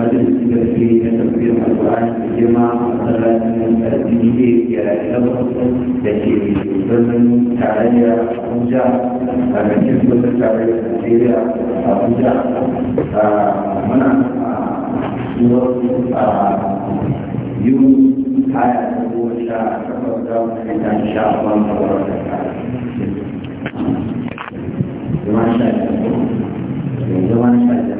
majalisi da ke na tafiyar alƙur'ani da girma a masallacin addini da ke da ke birnin tarayya abuja a rikin birnin tarayya najeriya abuja muna a yi kaya da goma sha takwas da wani ta sha ban kawar da kaya. zama sha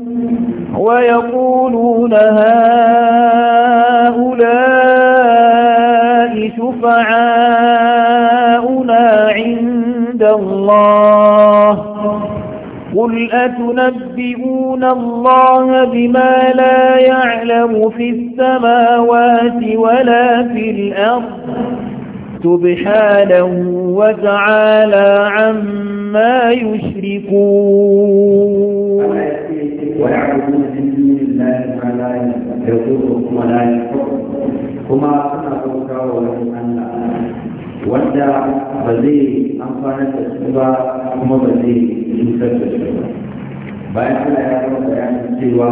ويقولون هؤلاء شفعاؤنا عند الله قل أتنبئون الله بما لا يعلم في السماوات ولا في الأرض سبحانه وتعالى عما يشركون ويعبدون من دون الله ما لا يضرهم ولا ينفعهم كما سنة بوكا ولهم أن wanda ba zai amfana da su ba kuma ba zai cutar da su ba bayan Allah ya gama bayanin cewa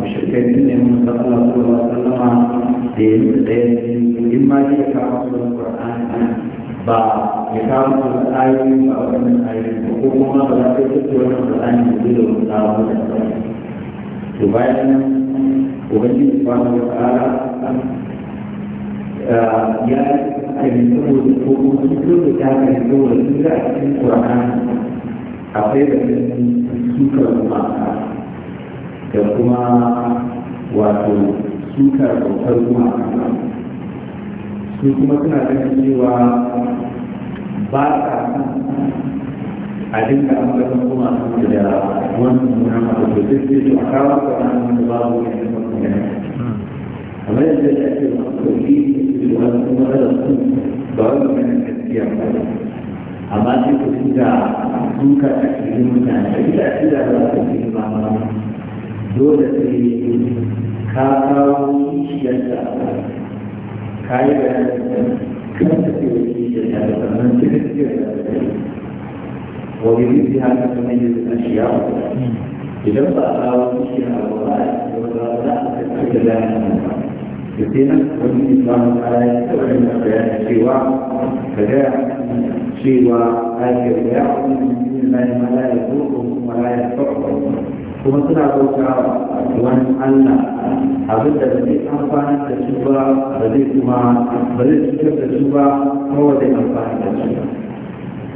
mushrikai sun nemi musan Allah sallallahu alaihi wasallam da ya nuna in ma ya kawo su da Qur'ani ba ya kawo su da ayoyi ba wannan ayoyi ko kuma ba za ka yi tattauna Qur'ani da zai da wani tsawo da to bayan nan ubangiji subhanahu wa ta'ala eh, ya kalli saboda ko kuma duk da ta kalli saboda sun ga a cikin qur'ani akwai da sukar mata da kuma wato sukar bautar mata su kuma suna ganin cewa ba sa A da an kasan kuma da wannan muna masu da duk su a kawo ka wani wani babu ne na mutum ne amma yadda ya ce ma sauki su da wani kuma da su ba wani mai gaskiya ba amma ku su da sun a cikin mutane da ita shi da ba su cikin ba ma dole sai ka kawo kishiyarta ka yi bayanin kan ta ce wa kishiyarta da sannan cikin kishiyarta da wani rufi haka ta manyan da kan shiga wa idan ba a kawo shi a wata da wata wata a kasar da zai a nan da sai nan wani islamu kaya ta wani na bayani cewa ka gaya cewa ake gaya wani mutum na yi malaya ko kuma malaya ta kuma suna bauta wa wani allah abin da zai amfani da su ba ba zai kuma ba zai cutar da su ba kawai zai amfani da su ba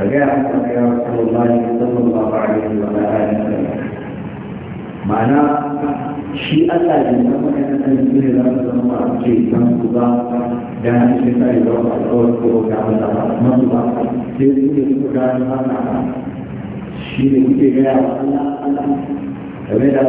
فجاء يا رسول الله صلى الله عليه وعلى آله وسلم معنى شيء الله يسمى أن تنزل الله صلى الله عليه وسلم مصبا dan kita itu orang orang yang dapat mengubah jadi itu kan mana sih itu dia Allah Allah Kemudian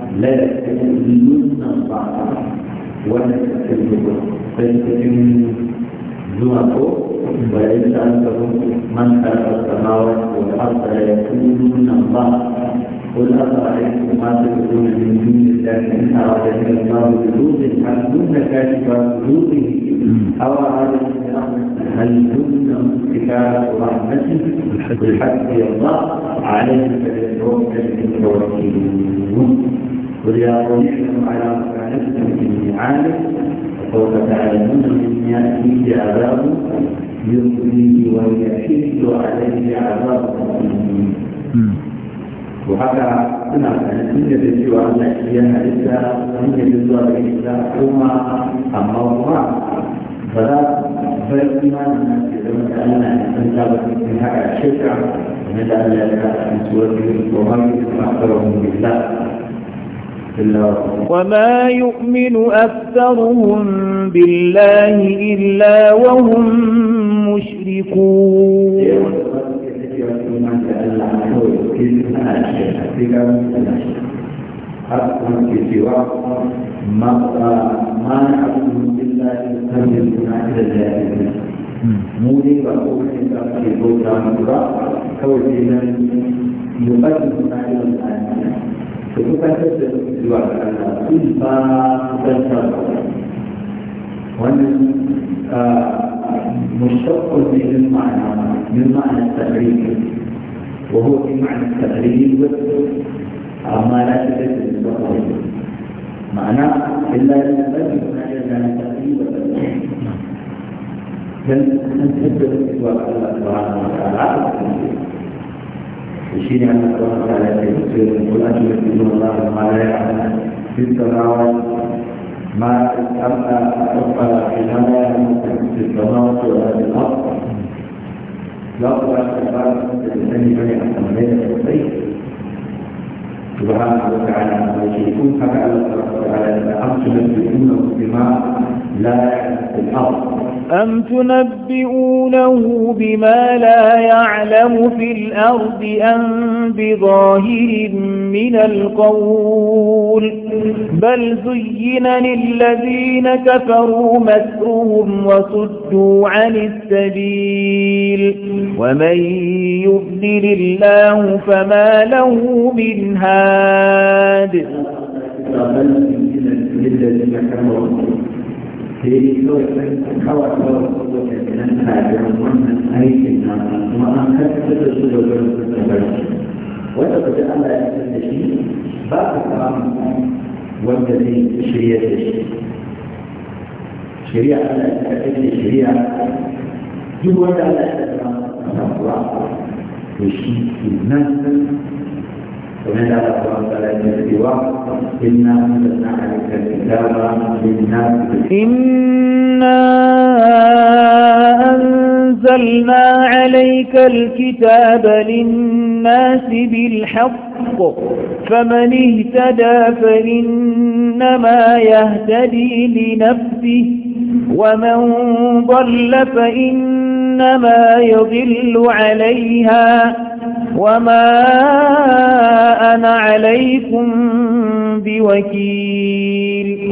لا تأذلن الله ولا تأذلن فيتكن زمكو وليس أنكم من خلق السماوات والأرض لا يكونون الله قل أفرأيتم ما تدعون من دون الله إن أرادني الله بذنوب هل كن كاشفات ذنوبه أو أرادني هل كن كتاب رحمته بالحق الله عليه فليتوكل المتوكلون والرياض يعلم على مكانتكم في المعاني وسوف تعلمون من يأتيه عذاب يخزيه ويشد عليه عذاب وهذا suna ganin da cewa Allah shi ya halitta hanyar da zuwa da ita kuma amma kuma ba za su bar imanin nan ke zama da Allah ya san ta ba su cikin haka shirka kamar da Allah ya ka a cikin suwar da ya kuma ma yi kuma a tsaron billah وما يؤمن أكثرهم بالله إلا وهم مشركون موجب أن يكون فكتبت الوعد صفة تذكر وأن مشتق من معنى من معنى التقريب وهو في معنى التقريب ما لا تجد التقريب معناه إلا ينبغي أن تقريبا لن تثبت الوعد سبحانه وتعالى وشيء أن الله تعالى يقول قل أتمكن الله ما لا يعلم في السماوات ما أبقى حينما في في السماوات ولا في الأرض لا في أبقى أخبار الإنسان بني أحمدين الوصي سبحانه وتعالى ما يشركون فما الله تعالى أمسلت بأنه بما لا الأرض أم تنبئونه بما لا يعلم في الأرض أم بظاهر من القول بل زين للذين كفروا مسرهم وصدوا عن السبيل ومن يبدل الله فما له من هاد sai kawai kan kawa kawai saboda nan tabiran wannan aikin na kuma an karkata da su da wurin su da barci wanda ba da Allah ya san da shi ba ka samu wanda zai shirya da shi shirya Allah ya san da shirya duk wanda Allah ya san da shi to shi nan kemudian dalam bahasa jiwa inna anzalna kitaban lin-nas inna أنزلنا عليك الكتاب للناس بالحق فمن اهتدى فإنما يهتدي لنفسه ومن ضل فإنما يضل عليها وما أنا عليكم بوكيل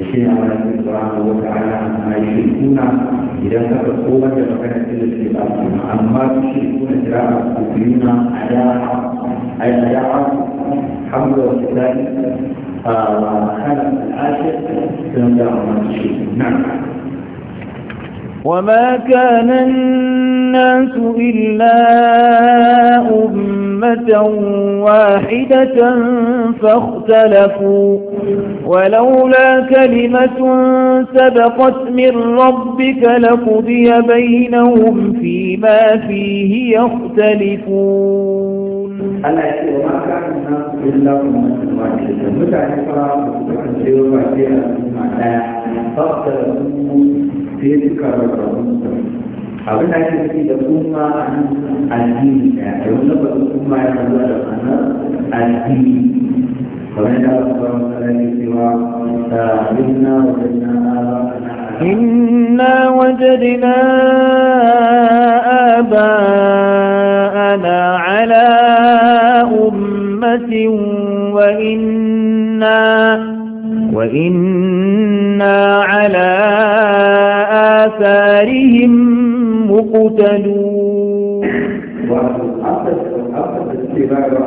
da shi na wani sun tsara wata ala amma yi shi kuna idan ka ga kowa da magana ce da ke ba su amma su shi kuna jira a kufina a yawa hamdu wa tsari a kanan al'ashir sun da wani shi nan وما كان الناس إلا أمة واحدة فاختلفوا ولولا كلمة سبقت من ربك لقضي بينهم فيما فيه يختلفون ألا يقول ما كان الناس إلا أمة واحدة متى يقرأ فاختلفوا sai suka rarrabu abin da ake nufi da kuma addini ɗaya da wani lafazin kuma ya zuwa da ma'anar addini kamar da aka fara misali cewa sabbinna wajenna إنا وجدنا آباءنا على أمة وإنا وإن اقتلوا آه، وجدنا على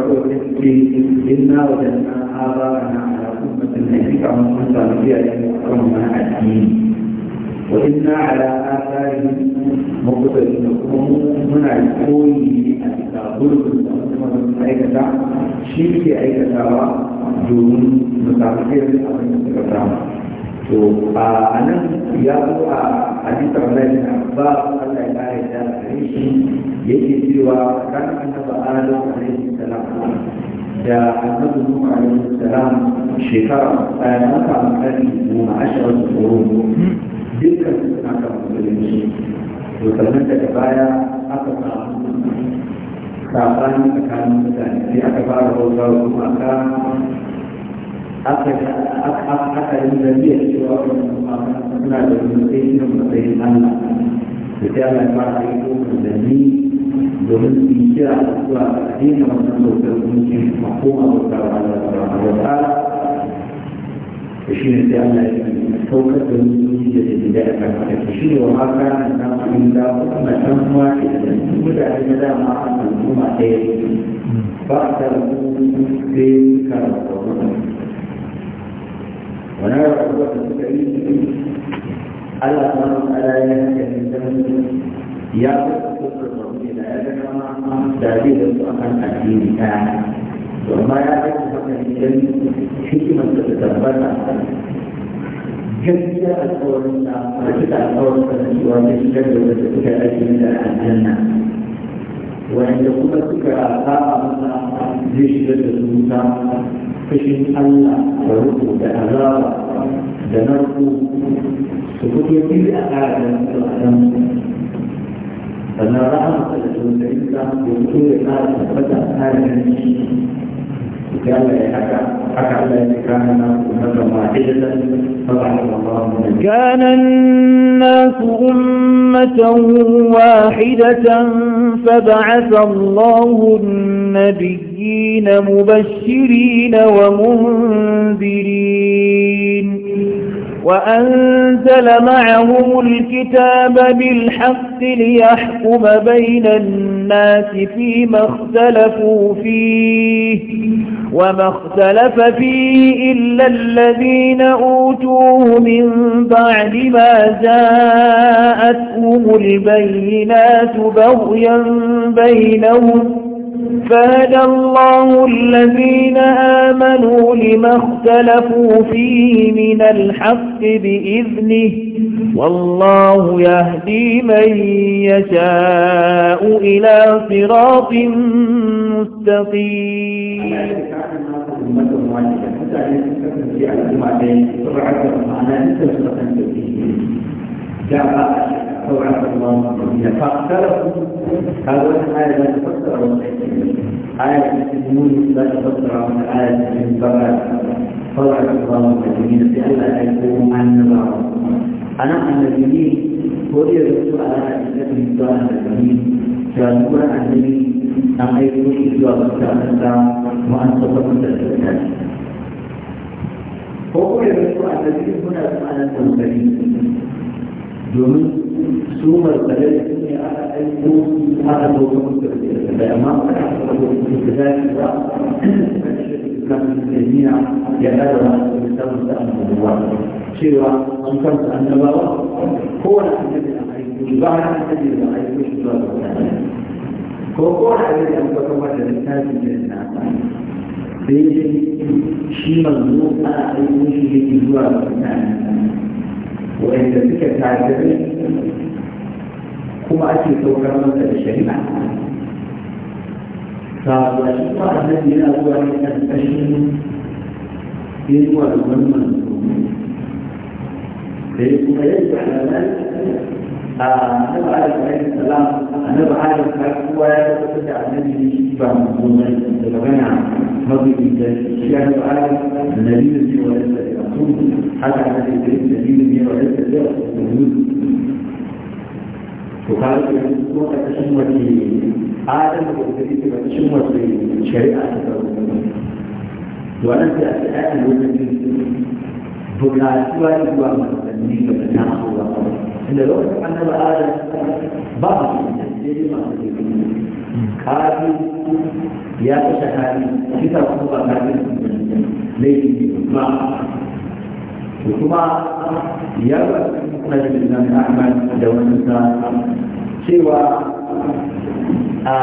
وإنا على آثارهم مقتدون هنا يقول التابوت أيكتا شيء أيكتا دون متعقل أو متعقل to ya zuwa a hadisar nan ba Allah ya kare da shi yake cewa kan annabi Adam Alayhi salam da annabi Nuhu alaihi salam shekara ɗaya na kan kari goma ashirin tsoro dukkan suna kan musulunci to sannan daga baya aka samu sabani tsakanin mutane sai aka fara bautar kuma aka aka yi zariyar cewa suna da matsayin da matsayin Allah da ta yi ba a yi kokon da ni domin su yi kira zuwa a wannan bautar kunci a koma bautar Allah subhanahu wa ta'ala da shi ne sai Allah ya saukar da musulunci da ta gida a kan haka shi ne wa haka na samun da kuma san kuma ke da mutane na dama a al'umma ɗaya ba a tara sai karatu ونرى قوة الفكرين ألا تنظر ألا يهتك الإنسان يا كفر الرسول هذا كما تعبير القرآن الدين كان وما يعرف حق الإنسان حكمة تتبرع جميع الأول رجل الأول فنسوى تشتغل وتتكلم عن الجنة وأن يكون الفكرة fushin Allah da ruku da azaba da narku su kuke biyu a ƙara da mutum sannan ra'a da tausayin sa ya fito ya ƙara tabbata a ƙara ganin كان الناس أمة واحدة فبعث الله النبيين مبشرين ومنذرين وأنزل معهم الكتاب بالحق ليحكم بين الناس فيما اختلفوا فيه وما اختلف فيه إلا الذين أوتوه من بعد ما جاءتهم البينات بغيا بينهم فهدى الله الذين آمنوا لما اختلفوا فيه من الحق بإذنه والله يهدي من يشاء إلى صراط مستقيم أو عبد الله الذين فاختلفوا هذا الآية لا تفسر آية المسلمون لا تفسر عن آية البراءة فوعد الله المسلمين بألا يكونوا عن نظام أنا النبيين ولي الرسول على أسئلة الدعاء الأمين فأقول أنني أم أيكم إجواب الساعة وأن تصدقوا الساعة وقول الرسول الذي هنا سبحانه وتعالى domin su martare su ne aka aiko aka zo ga musulmi da amma aka zo da zaki ba na jami'a ya dara da samun da annabawa cewa an kan annabawa kowane annabi an aiko ba ya annabi da aiko shi zuwa ga ko kowane annabi an kwata mata littafi da na sai dai shi manzo ana aiko shi yake zuwa ga mutane wa'anda suka tafi هو أكيد هو كمان الشريعة فالوشيطة أن تنتشن يدوى المهم من المؤمنين فيجب على من أنه عليه السلام أنه عليه السلام هو يتفتع النبي to ka ga ko a cikin wani adam da kuma take a cikin wani shari'a ta kawo wannan sai a ce ai a lokacin bukatuwa zuwa masanni ga ta ba. inda lokacin annabi adam ba a cikin masu kafi ya kashe hali kisa kuma ba kafin laifin ba kuma ya rajin nan ahmad da wani sa cewa a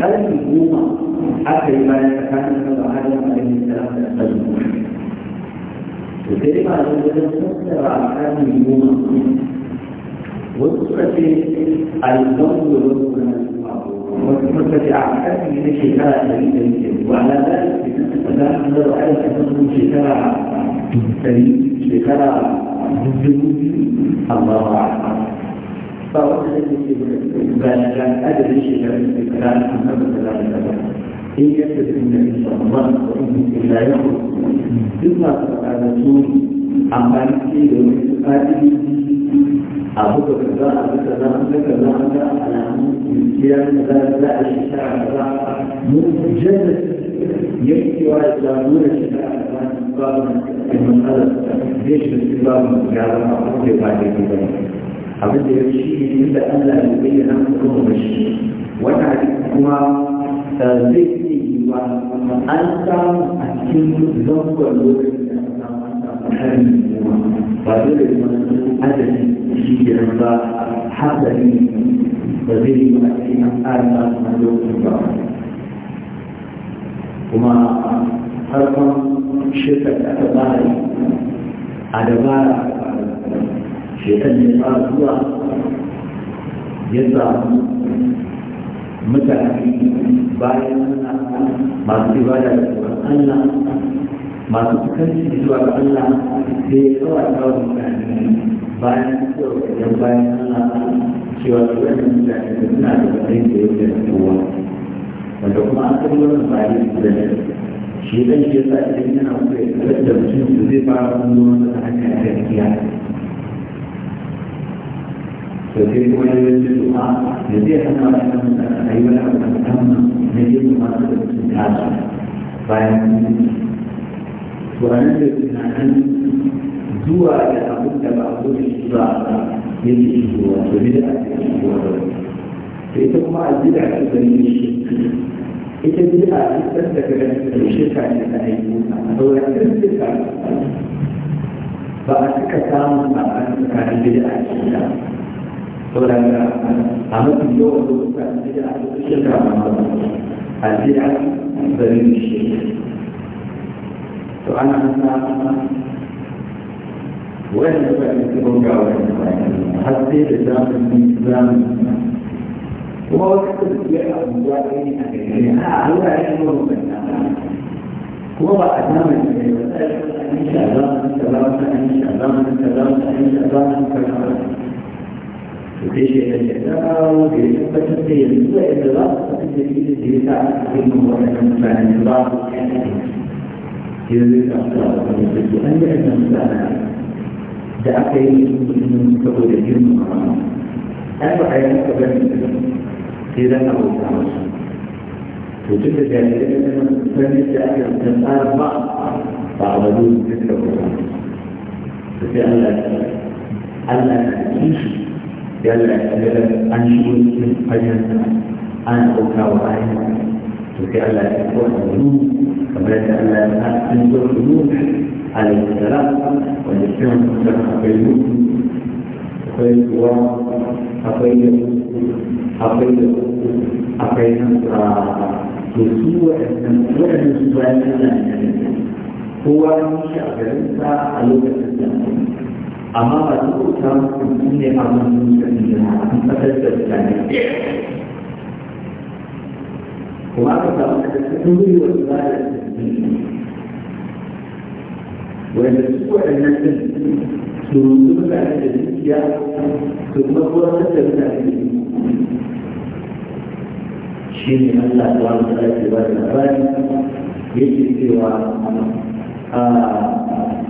ƙarfi goma aka yi bayan tsakanin da ba hajji a ɗin da da ƙarfi to sai dai ba da wajen a goma wasu suka ce a yi zan da wasu وتتبع حتى من الشفاء الذي وعلى ذلك فنحن على أنه شفاء سليم شفاء الله أعلم فهو الذي بان أدري شفاء الكلام محمد صلى الله عليه وسلم إن يكتب النبي صلى الله عليه وسلم لا يخرج ثم قال رسول عمل في يوم القادم أبوك كذا أبوك كذا أبوك كذا أنت أنا كيان كذا لا الشارع كذا مجلد يكفي ويسلمون الشارع كذا المسألة ليش باستخدام الجارة أو بعد كذا أبدا يمشي إلا أن لا يبين أنكم مشي وتعرفكما ذكري وأنت أكيد ذنب الوقت وأنت أكيد ذنب الوقت shi ke nan ba hasali ba zai yi a cikin an ƙara lokacin ba kuma farkon shirkar da aka a dabara shekar ne fara zuwa ya samu mutane bayan masu ibada da tsoron Allah masu kanci zuwa ga Allah sai ya kawo ta wa mutane bayan cewa idan bayan Allah cewa su wani mutane da suna da wani da ya da kowa wanda kuma an san wani bayi da ne shi dan shi yasa idan yana so ya tabbatar da mutum su zai fara kunzo wanda ta hanyar gaskiya to sai kuma ya yi da zai hana wa ɗan mutane a yi wani abu da musamman na yin masu da mutum bayan wane da tunanin zuwa da abin da ba a zo da ba a yin zuwa domin da ake zuwa da wani ita kuma a jira ta gani shi ita jira a cikin da gani da shirka ne da aiki a sauran irin shirka ba a cika samun ba a tsakanin jira a cikin da sauran a mafi yawan lokuta jira a cikin shirka ba a jira da ne shi فأنا أنا وين يكون جاوة حتى الإسلام الإسلام وهو يكتب لها مجاهدين أكاديمية هو علم هو أمام المسائل أن شاء الله أن شاء الله أن شاء الله أن شاء الله أن شاء الله أن شاء الله وفي شيء الجزاء وفي شبة الدين وإذا لا تستطيع أن تجد الجزاء في الموضوع المسائل jirgin kasuwa da jirgin an yi aikin mutane da aka yi saboda girma ai ba a yi maka gani sai zan abota masu to duk da jami'ai da sanin da aka yi tsara ba ba a bari duk da kuma to sai Allah Allah ya kishi yalla yalla an shigo cikin fayyanta ana ɗauka wa ayyuka to sai Allah ya kawo da فبدأ أن تنظر قلوب على السلام والإسلام أقيموه أقيم الله أقيم أقيم أقيم يسوع يسوع يسوع هو شغلك على الإسلام أما بعد أن تكون أمامك أن تكون kuma aka samu da cikin gwiwa su za da wanda su waɗannan ɗin su rutu mutane da dukiya su kuma tsoratar da mutane shi ne Allah ta wani tsara ke ba da labari yake cewa ah,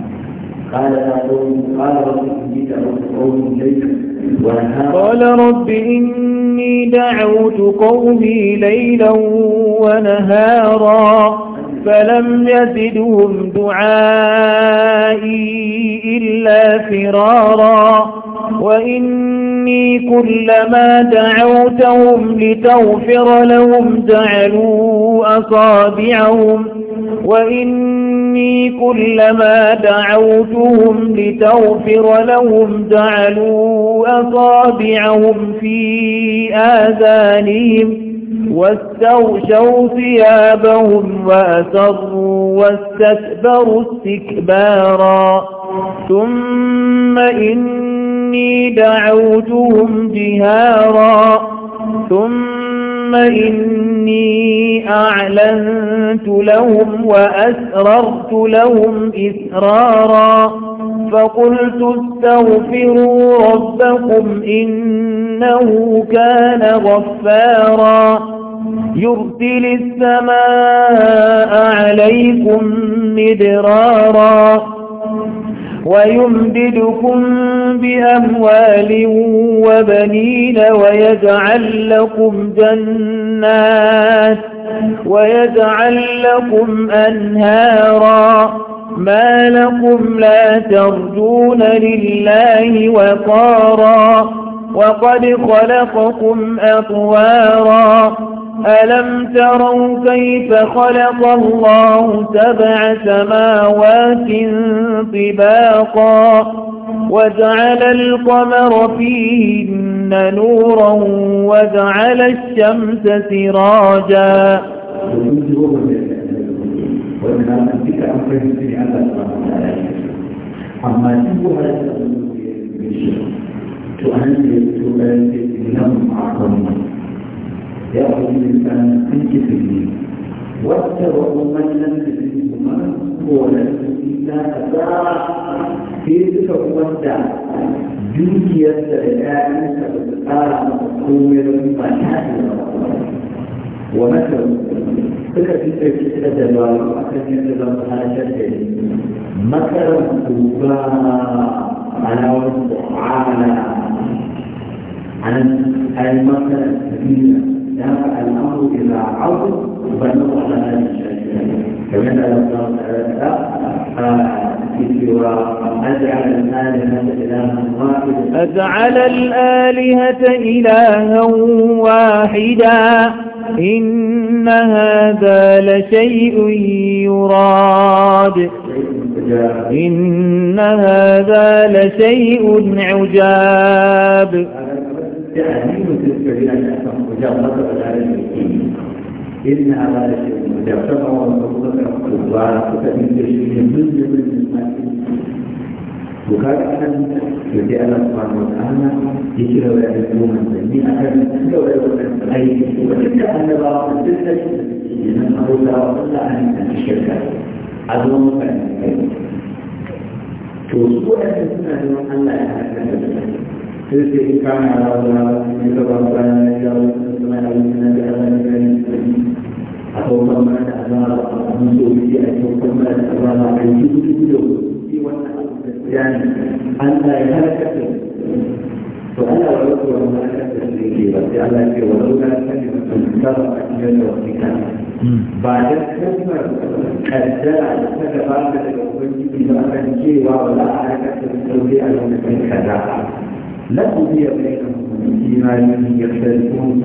قال قال رب إني دعوت قومي ليلا قال رب إني دعوت قومي ليلا ونهارا فلم يزدهم دعائي إلا فرارا وإني كلما دعوتهم لتغفر لهم جعلوا أصابعهم وإني كلما دعوتهم لتغفر لهم جعلوا أصابعهم في آذانهم واستغشوا ثيابهم وأسروا واستكبروا استكبارا ثم إني دعوتهم جهارا ثم إني أعلنت لهم وأسررت لهم إسرارا فقلت استغفروا ربكم إنه كان غفارا يرسل السماء عليكم مدرارا ويمددكم بأموال وبنين ويجعل لكم جنات ويجعل لكم أنهاراً ما لكم لا ترجون لله وقارا وقد خلقكم أطوارا ألم تروا كيف خلق الله سبع سماوات طباقا وجعل القمر فيهن نورا وجعل الشمس سراجا wanda na san duka an fahimci ne Allah ta ba ta da shi amma duk wanda ya san shi to an yi to bayan da nan a kan ya wani insan an kifi wata wani wannan da zai kuma ko da su ta kaza sai suka wanda dukiyarsa da ƴaƴansa ba su tsara masa komai ba ta da wannan da suka fi ɗauki da dalilu a kan yin da zama ta shan da ne makarar duba ana wani ko'ala a nan kayan makarar duniya نافع الامر الى عظم فانه على هذه أجعل الآلهة إلها واحدا أجعل الآلهة إلها واحدا إن هذا لشيء يراد إن هذا لشيء عجاب يعني جربت ذلك إنها لا شيء يعتبر مرتبط وتتم تشريع جزء من المساكين وكان أحد يدي الله سبحانه وتعالى يشير إلى اليوم الثاني أحد لو لو أي وتبدأ أن بعض الجزء نسأل الله إلا أن الشركة عدو مكان توصوا أن تكون الله أن لا يحدث فإن كان على الله من تبرع إلى الله ربنا علينا بأمان الكريم أتوقع ما تعبار من سوريا أتوقع ما تعبار عن جزء اليوم في وسط يعني أن لا يهلك فأنا أعرف أن أكثر الإجابة على ولولا كلمة سبقت من ربك بعد كلمة كذا كذا بعد الأوبنجي أن جيوا ولا حركة تستطيع أن تكون كذا لا تضيع بينهم إيمان يختلفون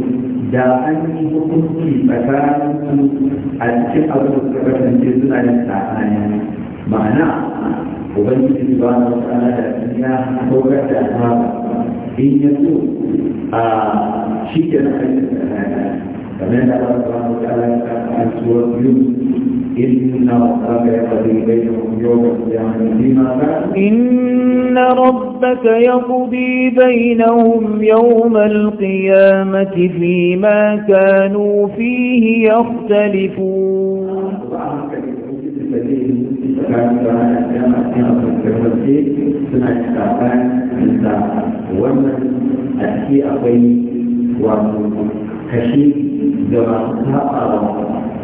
da an yi hukunci tsakanin a cikin abin da suka kasance suna da tsakani ma'ana ubangiji ba na tsana da ya saukar da ta in ya so a shi ke na kai da kamar da ba su ba su tsana da ta an suwar biyu إن ربك يقضي بينهم يوم القيامة فيما كانوا إن ربك يقضي بينهم يوم القيامة فيما كانوا فيه يختلفون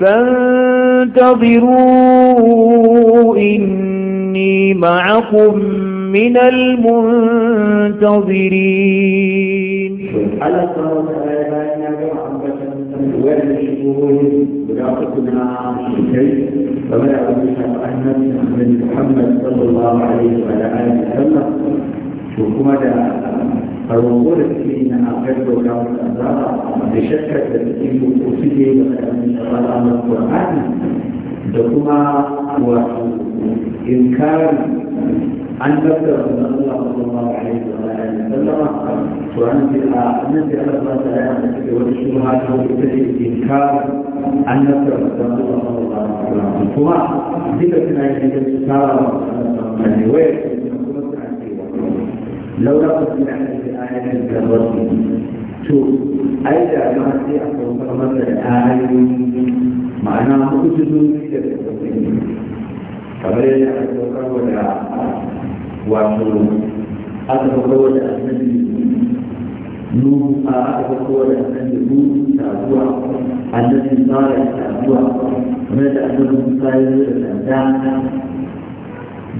فانتظروا إني معكم من المنتظرين فما يعلم أحمد بن محمد صلى الله عليه وعلى آله وسلم فالوقود الكثير من أخذ وكام الأزارة بشكل تكتيب وكثير من أزارة القرآن دكما وإنكار عن بدر رسول الله صلى الله عليه وسلم وأن في أن في الله تعالى والشبهات وكثير إنكار عن بدر رسول الله صلى الله عليه وسلم وما ذكرنا في الكتاب من وين لو لقد في آيات الجبر شو أيضا ما في أصول مثل آية معناه مقصد كثير فبين أصول وعصر أصول النبي نوح أصول النبي موسى هو النبي صالح هو ماذا أصول موسى يقول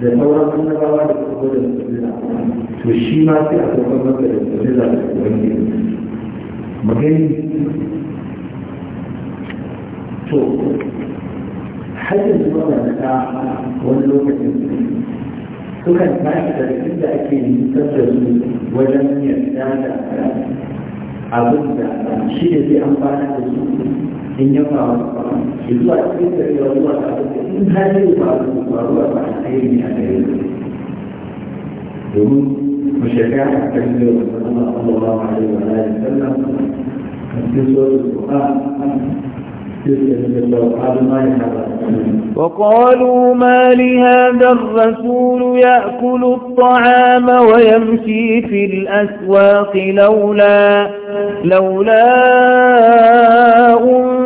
da sauran annabawa da kuma da sabila to shi ma sai a saukar masa da sabila da wani magani to hajjin su ta wani lokacin sukan tashi daga inda ake nisan da su wajen yarda da abin da shi ne zai amfana da su ان يقع في الله الى الله تعالى هل يقال المقارنه عن اي من اكلهم وشجاعة النبي صلى الله عليه وسلم في سورة القرآن وقالوا ما لهذا الرسول يأكل الطعام ويمشي في الأسواق لولا لولا أن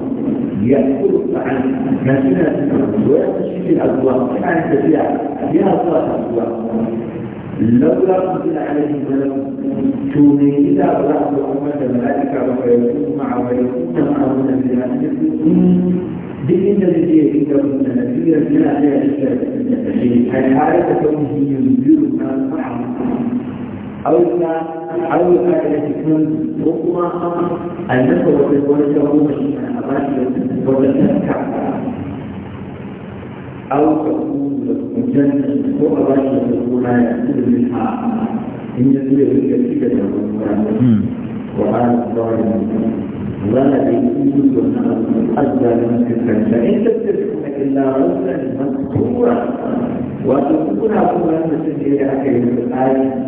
يأكل عن مسيرة ويستشفي في الأبواب عن التبيع يا الله الأبواب لولا أنزل عليه ملك توني إذا أراد أمة الملائكة ويكون معه ويكون معه نبيا بإن الذي يكون نبيا لا يشترك التشريع الحالة كونه ينذر ما معه أو أو التي تكون ربما النفس والرسالة وتتكع أو تكون مجنة هو الرجل تكون يأكل منها إن يدري بك كده وقال الظالم ولد يكون الظالم في الفجر إن تتركونك إلا رجلا مذكورا وتكون أقوى من سجل أكل الآية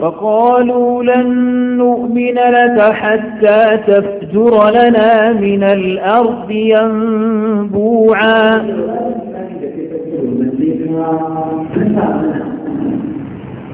فقالوا لن نؤمن لك حتى تفجر لنا من الأرض ينبوعا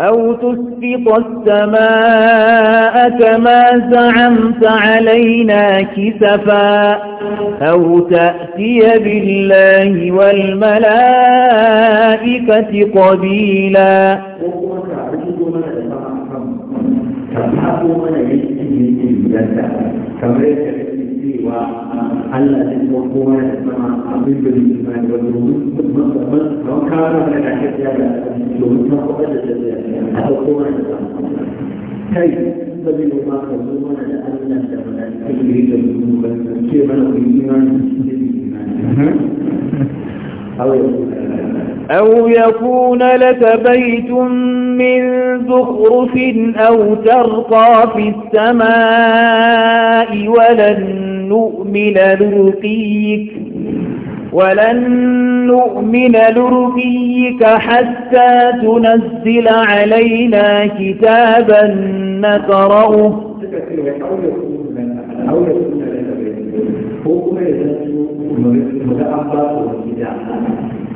أو تسقط السماء كما زعمت علينا كسفا أو تأتي بالله والملائكة قبيلا kamar yadda kake cewa أو يكون لك بيت من زخرف أو ترقى في السماء ولن نؤمن لرقيك ولن نؤمن لرقيك حتى تنزل علينا كتابا نقرأه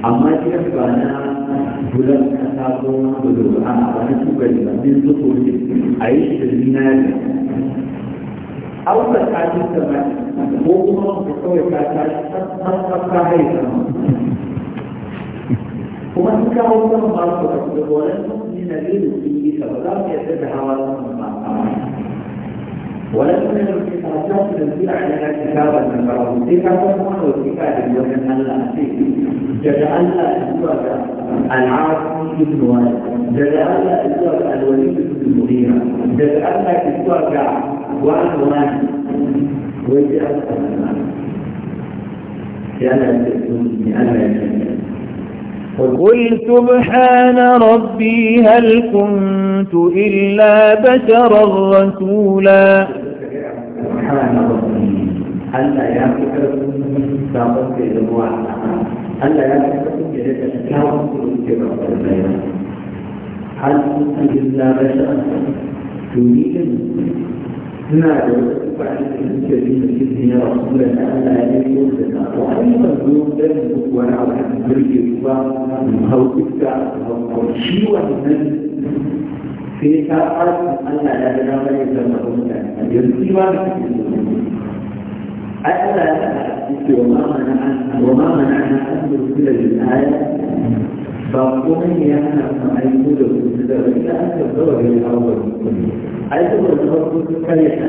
amma kira ba na bulan kasa ko na bulan a wani tukari ba zai zuwa a yi shi da zinari auka tashi da mai ko kuma ka kawai ka tashi san tsaka hai sama kuma in ka hau sama ba su ka kuma wannan ne na zai da su yi ka ba za mu yarda da hawa sama ba ولكن الكتابات التي عليها كتابا من ربك فهو الكتاب ومن الأسيس جعلنا أزواج العاصي بن والد جعلنا أزواج الوليد بن المغيرة جعلنا أزواج وعنوان وجعلنا جعلنا أزواج قل سبحان ربي هل كنت إلا بشرا رسولا hana mutum Allah ya fi ƙarfin sabon da ya zama Allah ya fi ƙarfin da ya zama kyawun kuma ke ba da bayan hal sun illa rasha to ni din suna da wasu kwanin da suke yi da cikin ya rasu da Allah ya yi yau da na to an yi ban zo don duk wani abu da birge ruwa hau iska hau shi wannan sai ta arzikin Allah ya ga dama ne da wata mutane a yanzu ba da cikin ai Allah ya ta ce wa mama na an wa ma mana an an da kula da aya ba komai ne ya hana mu aiko da su da wani da da ya ai ta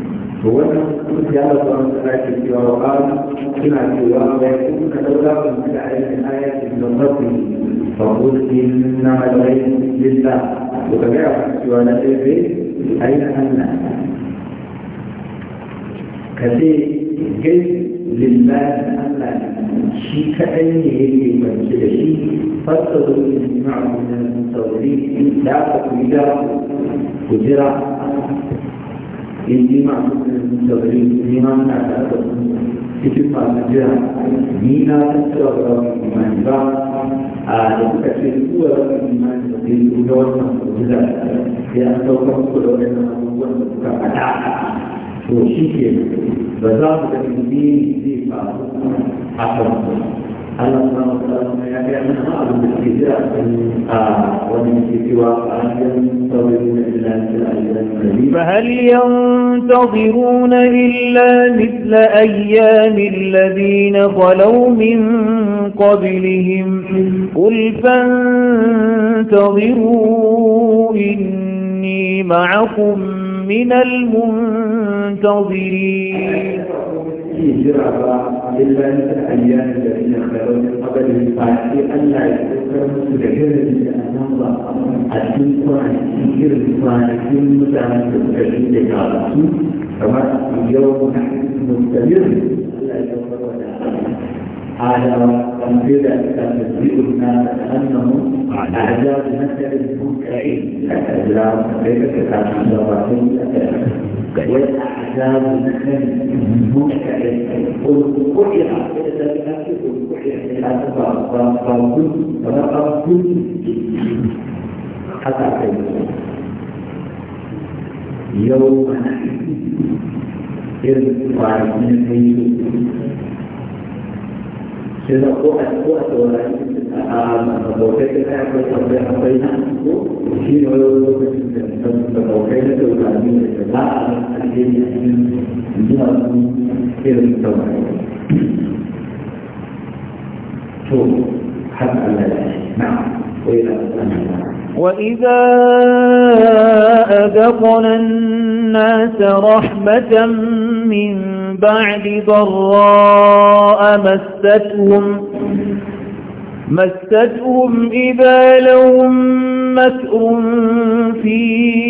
وأنا جلس من الآية وقال سمع سواه ويكون لولا أنزل عليه الآية من ربه فقل إنما الغيب لله وتبعه سوى نفسه أين أنا كثير جيد لله أنا شيء كأنه يجي من شيء فاتقوا الإجماع من المنتظرين لا تقوى وجرى in masu sun saurari ni ma na tare da cikin masu jira ni na san cewa imani ba a da suka ce su ba imani ba sai su ga wannan mu'jiza saukar da abubuwan da suka to shi ke ba za mu ni zai faru a kan Ah, ah, فهل ينتظرون إلا مثل أيام الذين خلوا من قبلهم قل فانتظروا إني معكم من المنتظرين في جرعة إلا الأيام الذين خلوا من قبل فأتي ألا يتذكر مستجر بأنهم أتين قرآن كثير قرآن كثير متعامل مستجر لكارك كما اليوم نحن مستمر ألا يتذكر على تنفيذ الناس أنه أعداد مثل المنكرين الأعداد كيف تتعامل مع والأحزاب والقحرة والقحرة حتى يوم يرفع من الحيث سنقوح القوة والعيد وإذا أذقنا الناس رحمة من بعد ضراء مستهم مستهم إذا لهم مسر في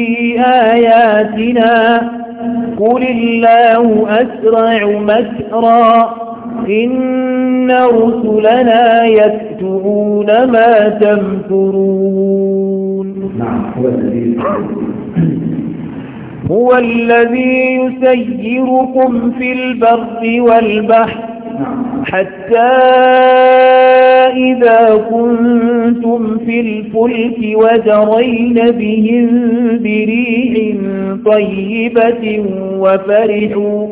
آياتنا قل الله أسرع مسرا إن رسلنا يكتبون ما تمكرون نعم، هو الذي هو الذي يسيركم في البر والبحر حتى إذا كنتم في الفلك وجرين بهم بريح طيبة وفرحوا,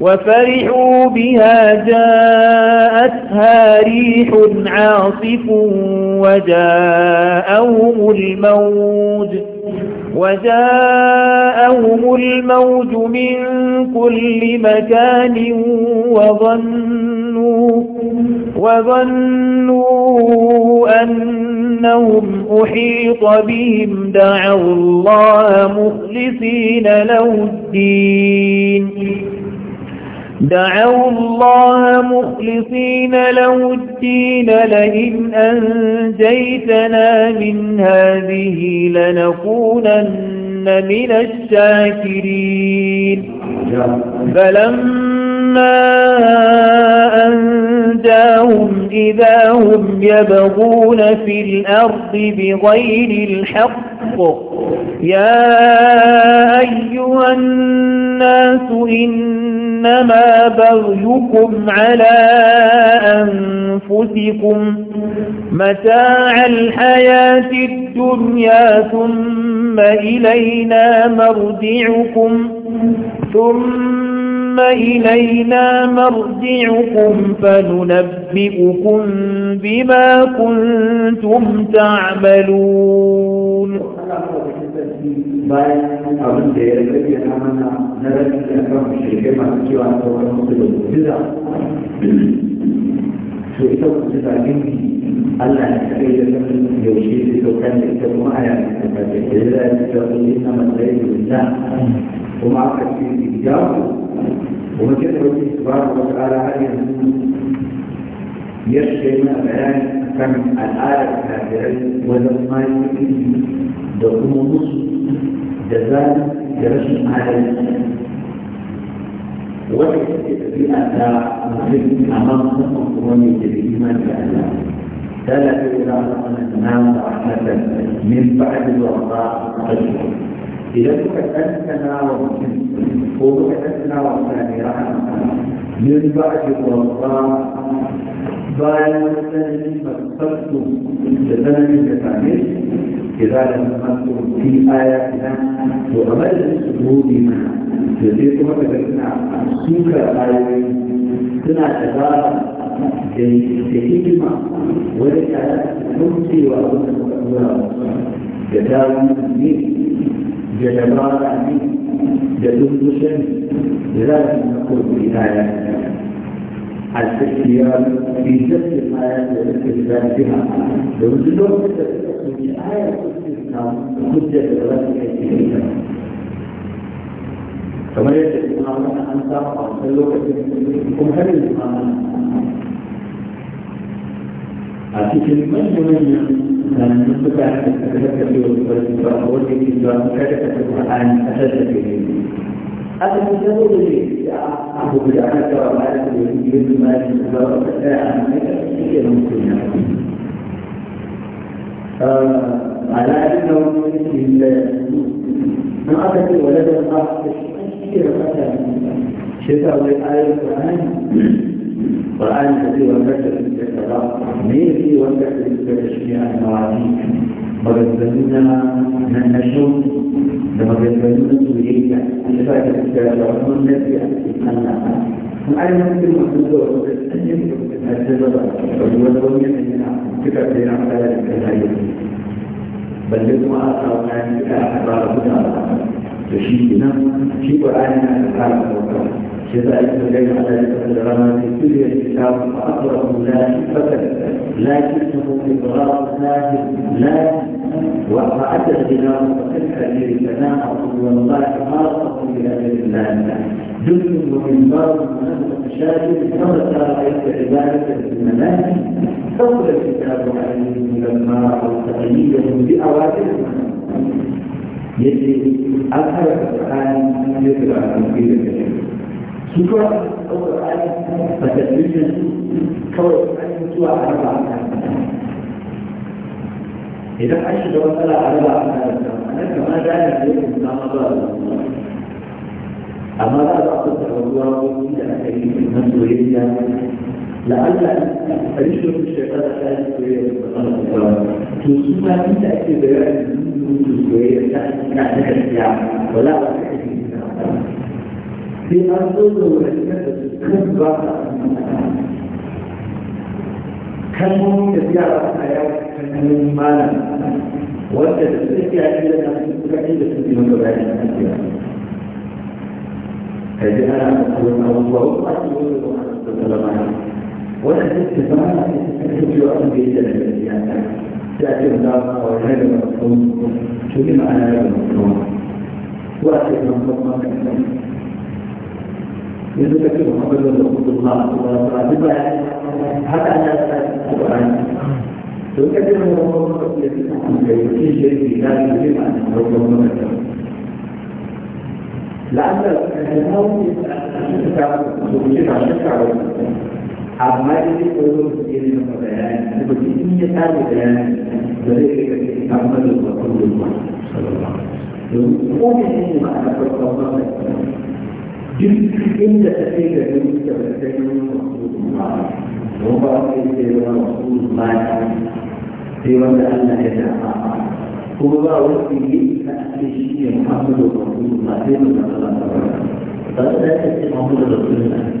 وفرحوا بها جاءتها ريح عاصف وجاءهم الموج وجاءهم الموج من كل مكان وظنوا وظنوا أنهم أحيط بهم دعوا الله مخلصين له الدين دعوا الله مخلصين له الدين لئن أنجيتنا من هذه لنكونن من الشاكرين فلما أنجاهم إذا هم يبغون في الأرض بغير الحق يا أيها الناس إنما بغيكم على أنفسكم متاع الحياة الدنيا ثم إلينا مرجعكم ثم إلينا مرجعكم فننبئكم بما كنتم تعملون to ita wata zaɓin Allah ya kaɗai da kan yaushe da saukan da ita kuma ana da ta da ya zai da ta wani ina matsayin da ta kuma aka ce da kuma ta ɗauki su ba da wata ala har yanzu ya shi mana bayani kan al'adar kafirai wajen mayu da kuma musu da zaɓi da rashin adalci wanda ita ce tafiya ta musulmi amma musamman kuma mai da imani da Allah قال إذا أخذنا الناس رحمة من بعد الوضاء قدروا إذا تكتلتنا ومسلم وتكتلتنا ومسلم رحمة من بعد الوضاء bayan wasannin masfarsu da tsananin da same shi ke za da masfarsu fi aya ina to a madadin su gobe mana da sai kuma daga suna suka ayoyi suna dabara da hikima wani tare da kaucewa wanda suka dora da dawo ne da dabara ne da dundushin da za su na kurkuri kaya الاختيار في جد الآيات والاستدلال بها لو جلوك تتكلم في آية الاستثناء حجة الرد kamar yadda imamu an samu a wancan lokacin kuma har yanzu ma a cikin manya-manyan tunanin suka da suka daga cewa ba su ba a wanda ke zuwa kada ka tafi a an kasar da ke ne a cikin zama da ne da abu da aka kawo a da ke yi yin zuwa da su ba a kasar a mai da suke nan kuna على أنه يمكن لا يسوء من أتى ولد الأخ كثيرة مثلا شتاء والآية القرآن القرآن الذي وكتب الكتاب مين في وكتب التشريع المواعيد مغزلنا من نشم مغزلنا سوريا الفاتحة الكتاب والنبي الآن ممكن المحدود أن يكتب السبب والولوية من كتاب بين عمالة الكتاب بل لما أخذ عن كتاب أخبار da shi ke nan shi ba a yana da kara sauka shi za a yi ta gani ana da kasar da rana ta yi da shi ta kuma a tura kuma lafi fasar lafi ta kuma da rana lafi lafi wa fa a ta gina wa kan kalli da na a kuma ba ta mara a kuma da lafi lafi جزء من باب المناسبة الشاذ ثبت رأيت عبادة المناسك فضل الكتاب عليهم لما أو تقييدهم بأوائل يجري an kara da tsakanin ne da ba a kai da su kuma ɗaukar ayi a talibijin kawai an yi zuwa a raba a kan idan an shiga matsala a raba a kan a nan kamar da ya ne kuma ma ba amma za a ba ku da ruwa wani da aka yi na soyayya لعل فيشرب الشيطان الثاني شويه توصينا في تاثير في شويه ولا في أرض خبرة كم من تبيع الحياة كم من مالا وتدرس يعني لنا في مكان فجاء رسول الله صلى الله عليه وسلم ولا تكتب معنا تكتب له أمر إلا بالإسلام تأتي الله وهذا يعني المطلوب شو بما أنا هذا المطلوب وأتي المطلوب ما تكتب يذكر محمد رسول الله صلى الله عليه وسلم حتى أنا القرآن ويكثر من الرسول الذي تحكم في شيء في ذلك بما أنه رسول لعل الهوى تعرف تشكى على amma da zai ko zo su irin maka bayani da ba in ya samu bayani da zai kai kake ka da ba ko da ba ne ne ma aka farko ba duk inda ta kai ga duk da ba ta yi wani wasu ba ba ka yi sai wani wasu ba sai wanda Allah ya zaɓa kuma ba wasu yi a cikin shi ne Muhammadu Rasulullah sai mun da Allah ta ba ba za ta ce Muhammadu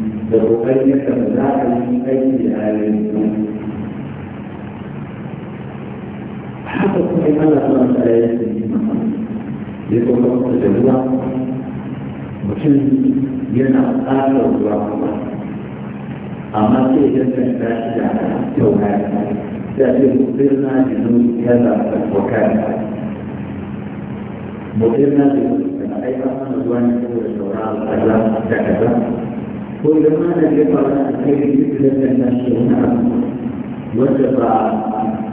لرؤيتك ملاك في أي عالم حتى سبحان الله آيات يتوقف الجواب mutum yana ƙara ruwa kuma amma sai ya tantanta shi da taurari da ce mutirna da nuni kaza wa kaza mutirna da nuni kaza ai ba mana ruwa ne saboda taurari kaza da kaza كلما ذكر الخير مثل النشر وجب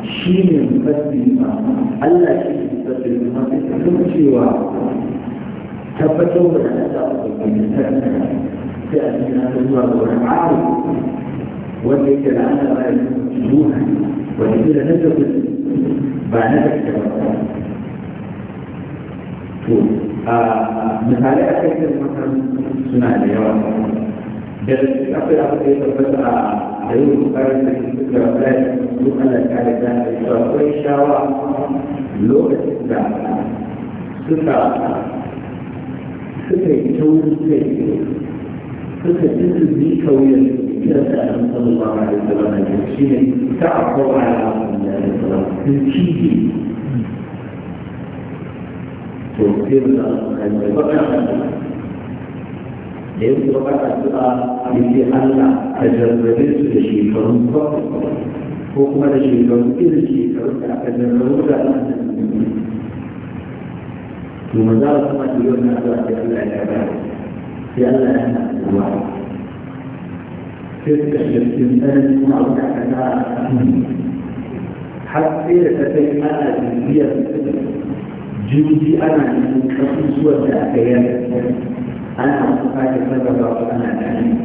شين فسيما ألا شين فسيما تكتشوا تبتوا من أساق تأمين الله والعالم وذكر أنا لا يكتشوها وذكر نجد بعنتك مثالي أكثر مثلا سنة اليوم dan apa yang saya terpaksa hari bukan itu jawapan bukan ada dan suatu insyaAllah lo sudah sudah sudah itu sudah sudah itu di kau yang kita dalam Allah Alaihi Wasallam ini tak kau Allah Alaihi Wasallam ini Tuh, dia benar, bukan berbakar. da ya kuma ba ta zuwa a bisa Allah a jarrabe su da shekarun ko kuma da shekarun irin shekarun da aka jarrabe da Allah to maza su ma ke yau na zuwa da Allah ya ba sai Allah ya na zuwa sai suka shiga cikin tsarin kuma abu da aka za har sai da ta kai ana bibiyar juji ana neman kasusuwar da aka yi أنا صفاتي كذا وأنا كريم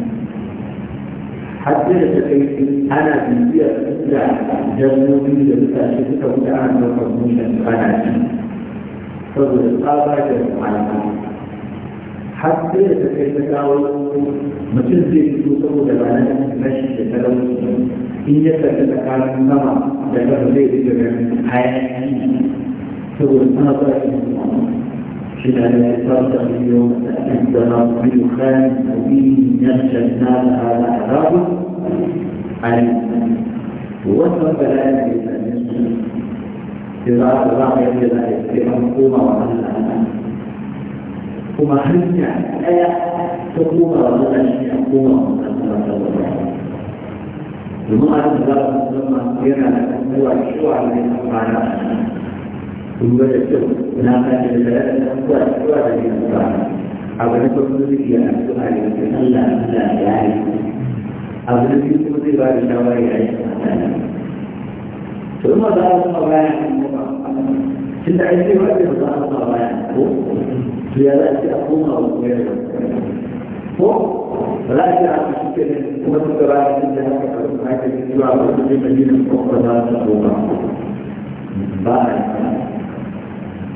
حتى تكيت أنا من بيئة إلا جنوبية بتأشيرك وتعامل وقدمشن قناتي فضل القابة والمعلمات حتى تكيت تكاول مثل زي تسوسه دلالة مشي تلوث إن يكتب تكاول سما تكاول زي تجمع حياتي فضل القابة والمعلمات إلى أن يترك اليوم عندما يخالف به نفس النار على عذابه عن وصف الآن قراءة الراعي إلى الحكومة وأهلها وما خرجت عن الآية تقوم ولا يقوم المرأة تدرس لما يرى هو الشوع من الأمانة duba da kyau na kaji da kayan abubuwa zuwa da da ke Allah Allah ya yi abu na biyu kuma zai ba da shawara yi to ma za a kuma baya tun da da za a ko to ya za a a ko ba za da shi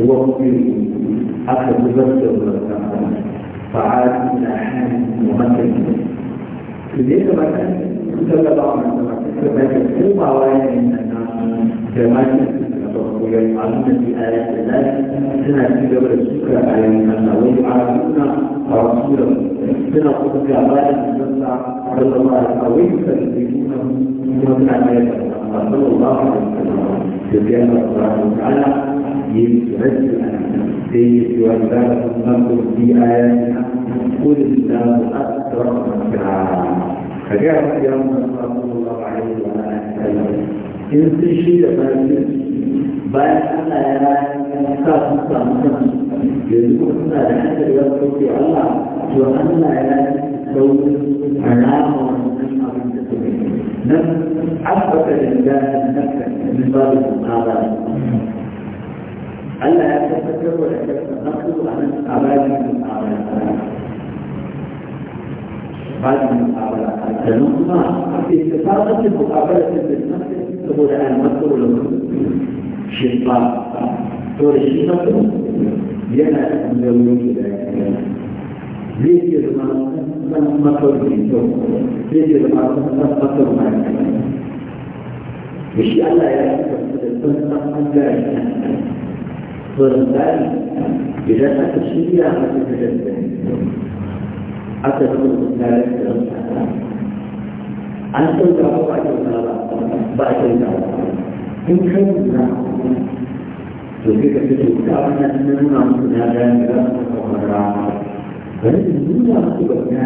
وفي أخذ مبسر فعاد إلى حال ممكن لذلك مثلا كتب بعض المتمكن هو قواعد يعني جماعة ويعلمون في آيات الله سنة في جبل السكر على المنى ويعلمون رسولا سنة قد جعلات المنزع رضا الله ويستخدمونه من عملية صلى الله عليه وسلم في الجنة سبحانه وتعالى يسعد سيد وذلك ننظر في آياتنا قل الله أكثر مكرا فجاءت يوم رسول الله عليه وآله وسلم إن تشير مجلس بعد أن يكون سامسون يذكرون لحد يذكر في الله وأن لا يستوي حرام نفس أثبت لله نفسه من باب المعارضة ألا يتفكر ولا يتنقل عن أعمال من أعمال بعد من أعمال التنقل في استفاقة مقابلة بالنفس تقول أنا مذكر لكم شيطان تقول الشيطان ينا من ذلك ليجي لما مطر ليجي لما مطر معك مش الله يا رب barangkali bila satu syria atau kejadian atau kemudian dalam kata atau kamu baca dalam baca dalam mungkin lah jadi ketika kita mengenal kebenaran dalam kebenaran dan dunia sebenarnya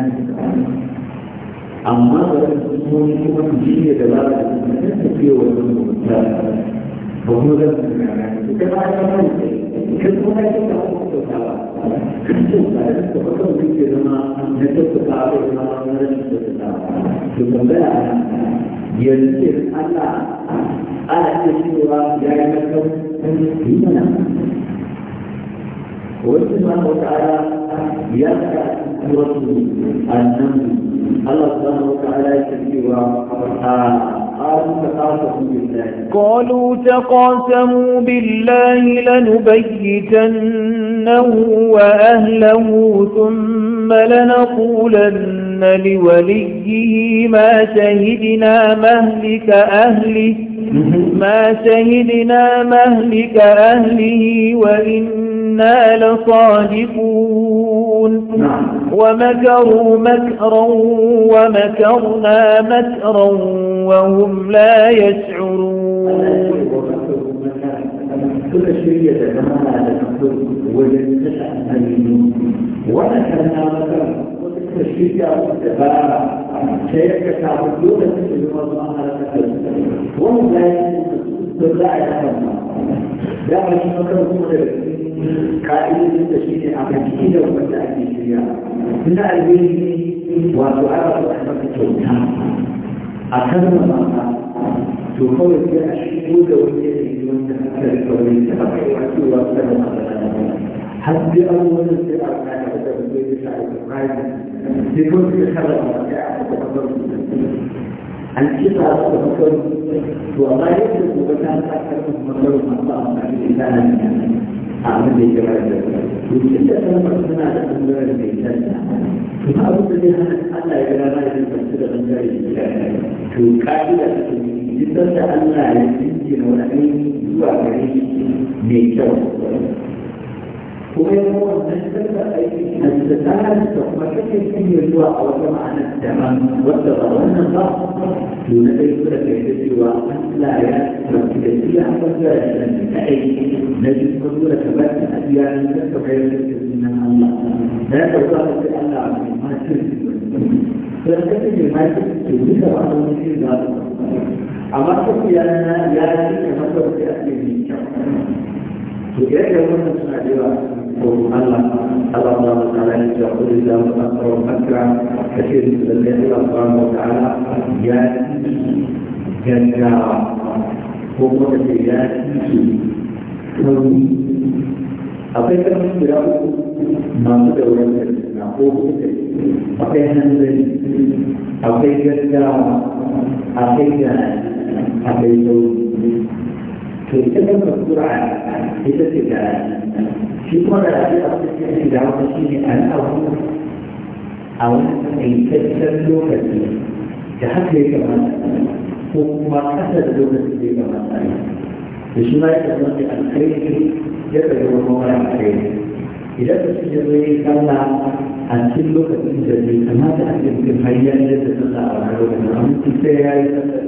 amma dalam semua itu menjadi adalah sebenarnya sebuah kebenaran Kemudian, kita akan menjadi كتبنا كتبنا كتبنا يلزم ألا ألا تشيرا يا مكتب إيمانا وسبحانه وتعالى يرفع سورة النمل الله سبحانه وتعالى يشيرا قالوا تقاسموا بالله لنبيتنه وأهله ثم لنقولن لوليه ما شهدنا مهلك أهله ما شهدنا مهلك أهله وإنا لصادقون ومكروا مكرا ومكرنا مكرا وهم لا يشعرون كل شيء يتمنى على الحدود والانتشاء المليون وأكلنا مكرا تشريع الدبارة شيء كتابدون في المرضى على وهم لا يستطيع الأمر لا مش مكان قائد التشريع عملية ومتأكدية من البيت وتعرف رحمة التوبة أكثر ما تقول في أشياء ولو يجب أن تكون هناك حد أول استيعاب ما يحدث بالبيت شعر القائد يكون في خلق مرجع وتفضل الكتاب تفضل وما يجب وكان أكثر من مرجع مقام الإنسان أعمل لي جرائد وكل سنة مرسنا لكم جرائد الإنسان فما أقول لي أنا إذا ما يجب أن تدخل جرائد الإنسان وكاتلة جدا أن لا يجب أن يكون أي دواء مريض ميتة ويقول أن السبب أي الزمان تقمشك في الجواء وجمع التمام وتظن الله لنبي كل في الجواء لا يأتمك تسيح وزالا أي نجد قدورة كبات أديان تتبعي من الله لا تقال في الله ما تريد فلكن ما تريد بعض المشي ذلك أما تقيانا يا ريت ما تريد أكل منك وكذلك يقول نفسنا جواء tsoron Allah Allah ba mu tsara ne da kudi da mu tsara fakra da shirin da Allah subhanahu wa ta'ala ya ganda to kan kura ita ce da shi kuma da rafi a cikin shi da wata shi ne an abu a wani tsaikakken lokaci da haka ya kamata ko kuma kasa da lokaci da kamata da shi ma ya kamata a alkhairi ya kai wani mawara alkhairi idan ka cikin zai yi a cikin lokacin da bai kamata a cikin hanyar da ta a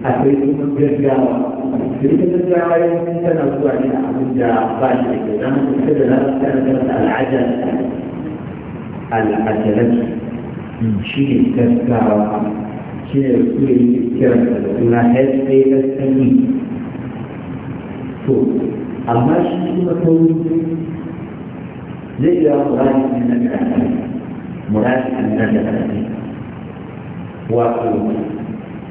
akwai gaggawa cikin gaggawa yin tana zuwa ne a abin da ba shi da ke zama ita da zama tana zama al'ajar al'ajarar shi ne gaggawa shi ne su yi kiran da suna headspace sanyi to amma shi kuma sauri zai iya muradi ne na karatu muradi ne na karatu wato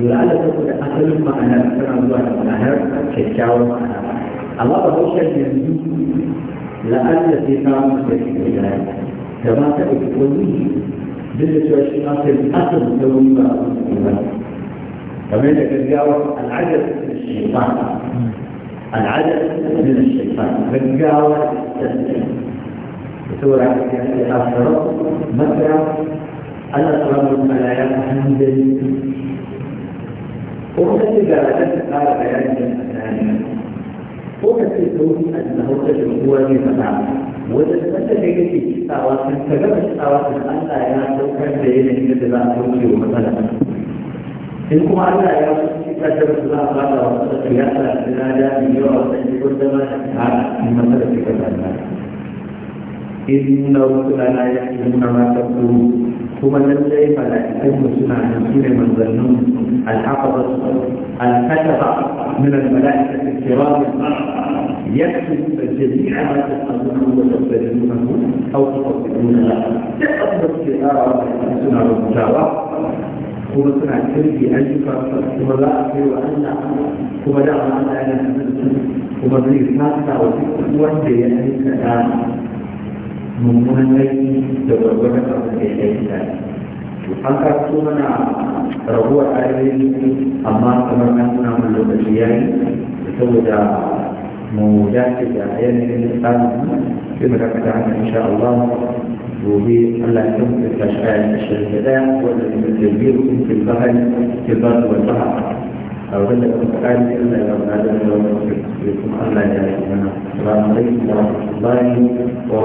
لعل saboda asalin ma'ana tana zuwa da ma'anar kyakkyawar ma'ana amma ba haushen yanzu la'alla sai ta mutu da shi da da ma ta ɗauki wani duk da cewa shi ma sai asalin ta wani ba a ba kamar da gaggawa al'adar shaitan al'adar min shaitan gaggawa ta saboda haka ya ce a tsaron masara Allah subhanahu wa ta'ala ya hanzari وكتب جلسات على بيان الثانية وكتب أنه تجربة واجبة وتتمتع به بالشعوات فكما الشعوات أن آيات كان بين الإبتلاء توجيه مثلا إنكم على آيات كتاب الله قال وصلت ياسر لا جاء يوم كل ما تعالى من مثلا كتاب إن رسلنا يحكمون ما تقولون هم لن يفعل أنهم سنة من ظنون الحفظة الكتبة من الملائكة الكرام يكتب جميع ما تفعلونه وتبتدئونه أو تفضلونه تقدر القراءة والسنة والمجاورة kuma suna kirki ayyuka kuma za a kai wa Allah kuma da ma Allah yana kuma zai fata wa duk wanda ya aikata mummunan laifi da gwargwadon abin da ya aikata an karso mana raguwar ayoyin amma kamar na nuna mun lokaci ya yi saboda mu dace da yanayin tsarin sai mu dakata haka insha Allah gobe Allah ya mutu ta shaya da shirka daya wanda ke tabbiyar kun fil bahari fil bahari wal bahar a wurin da kuma kare Allah ya rabu da wannan kuma Allah ya yi mana assalamu alaikum wa rahmatullahi wa